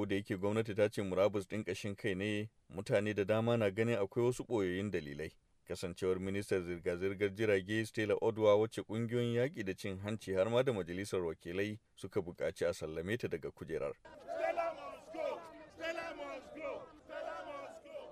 ko da yake gwamnati ta ce murabus ɗin ƙashin kai ne mutane da dama na ganin akwai wasu ɓoyoyin dalilai kasancewar ministar zirga-zirgar jirage stella odwa wacce ƙungiyoyin yaƙi da cin hanci har ma da majalisar wakilai suka buƙaci a sallame ta daga kujerar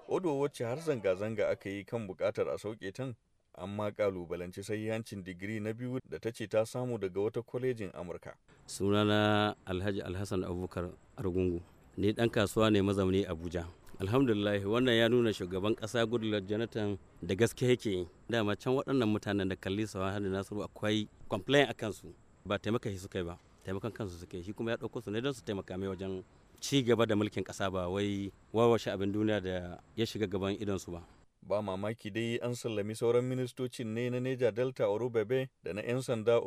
odwa wacce har zanga-zanga aka yi kan buƙatar a sauke tan amma sai sahihancin digiri na biyu da ta ce ta samu daga wata kwalejin amurka sunana alhaji alhassan abubakar argungu ni dan kasuwa ne mazauni abuja alhamdulillah wannan ya nuna shugaban kasa goodluck jonathan da gaske yake dama can waɗannan mutanen da kalli sawa da nasiru akwai complain a kansu ba taimaka shi suka yi ba taimakon kansu suka yi shi kuma ya ɗauko su ne don su taimaka mai wajen ci gaba da mulkin kasa ba wai wawashe abin duniya da ya shiga gaban idon su ba ba mamaki dai an sallami sauran ministocin ne na neja delta orubebe da na 'yan sanda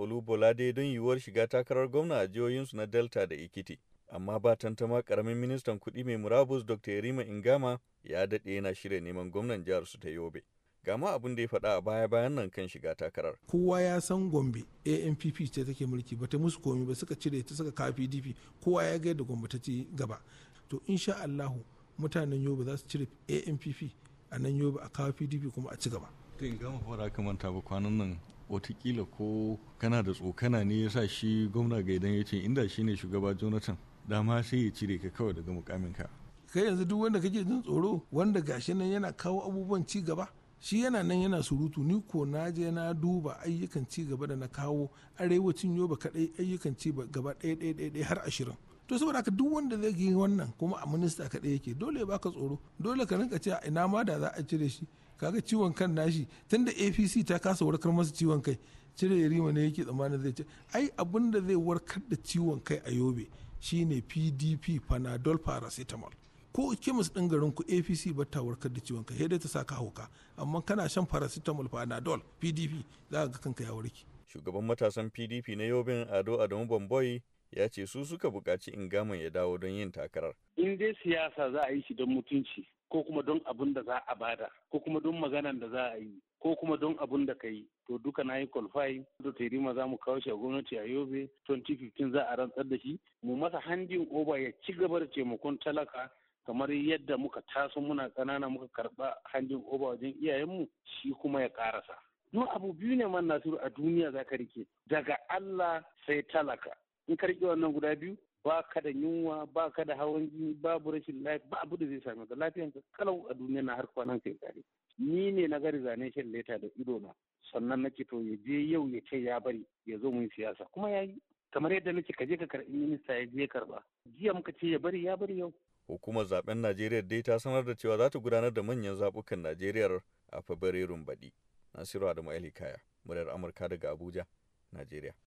dai don yiwuwar shiga takarar gwamna a jihohinsu na delta da ikiti amma ba tantama karamin ministan kuɗi mai murabus dr yarima ingama ya daɗe yana shirya neman gwamnan jihar su ta yobe gama abin da ya faɗa a baya bayan nan kan shiga takarar kowa ya san gombe ampp ce take mulki ba ta musu komi ba suka cire ta suka kafi pdp kowa ya ga yadda gombe ta ci gaba to insha allahu mutanen yobe za su cire ampp a nan yobe a kawo pdp kuma a ci gaba to in fara ka manta ba kwanan nan watakila ko kana da tsokana ne ya sa shi gwamna gaidan ya ce inda shi ne shugaba jonathan dama sai ya cire ka kawai daga mukaminka kai yanzu duk wanda kake jin tsoro wanda gashi nan yana kawo abubuwan ci gaba shi yana nan yana surutu ni ko na je na duba ayyukan ci gaba da na kawo arewacin yoba kadai ayyukan ci gaba ɗaya ɗaya ɗaya har ashirin to saboda haka duk wanda zai yi wannan kuma a minista kaɗai yake dole ya baka tsoro dole ka rinka cewa ina ma da za a cire shi kaga ciwon kan nashi tunda apc ta kasa warkar masa ciwon kai cire yarima ne yake tsammanin zai ce ai abin da zai warkar da ciwon kai a yobe shine pdp panadol paracetamol ko kemis ɗin garin ku apc ba ta warkar da ciwon ka sai dai ta saka hauka amma kana shan paracetamol panadol pdp za ka ga kanka ya warke shugaban matasan pdp na yobin ado adamu bomboy ya ce su suka buƙaci gama ya dawo don yin takarar. In dai siyasa za a yi shi don mutunci ko kuma don abin da za a bada ko kuma don maganan da za a yi ko kuma don abin da ka yi to duka na yi kwalfai da terima za mu kawo shi a gwamnati a yobe 2015 za a rantsar da shi mu masa handin oba ya ci gaba da taimakon talaka kamar yadda muka taso muna ƙanana muka karɓa handin oba wajen iyayenmu shi kuma ya ƙarasa. Duk abu biyu ne man nasiru a duniya za ka rike daga Allah sai talaka in ka wannan guda biyu ba ka da yunwa ba ka da hawan jini babu rashin lafiya ba abu da zai same ka lafiyan ka kalau a duniya na har kwanan kai kare ni ne na ga shan leta da ido na sannan na to ya je yau ya ce ya bari ya zo mun siyasa kuma ya yi kamar yadda nake ka je ka karɓi minista ya je karɓa jiya muka ce ya bari ya bari yau hukumar zaben najeriya dai ta sanar da cewa za ta gudanar da manyan zabukan najeriya a fabrairun baɗi nasiru adamu alikaya muryar amurka daga abuja najeriya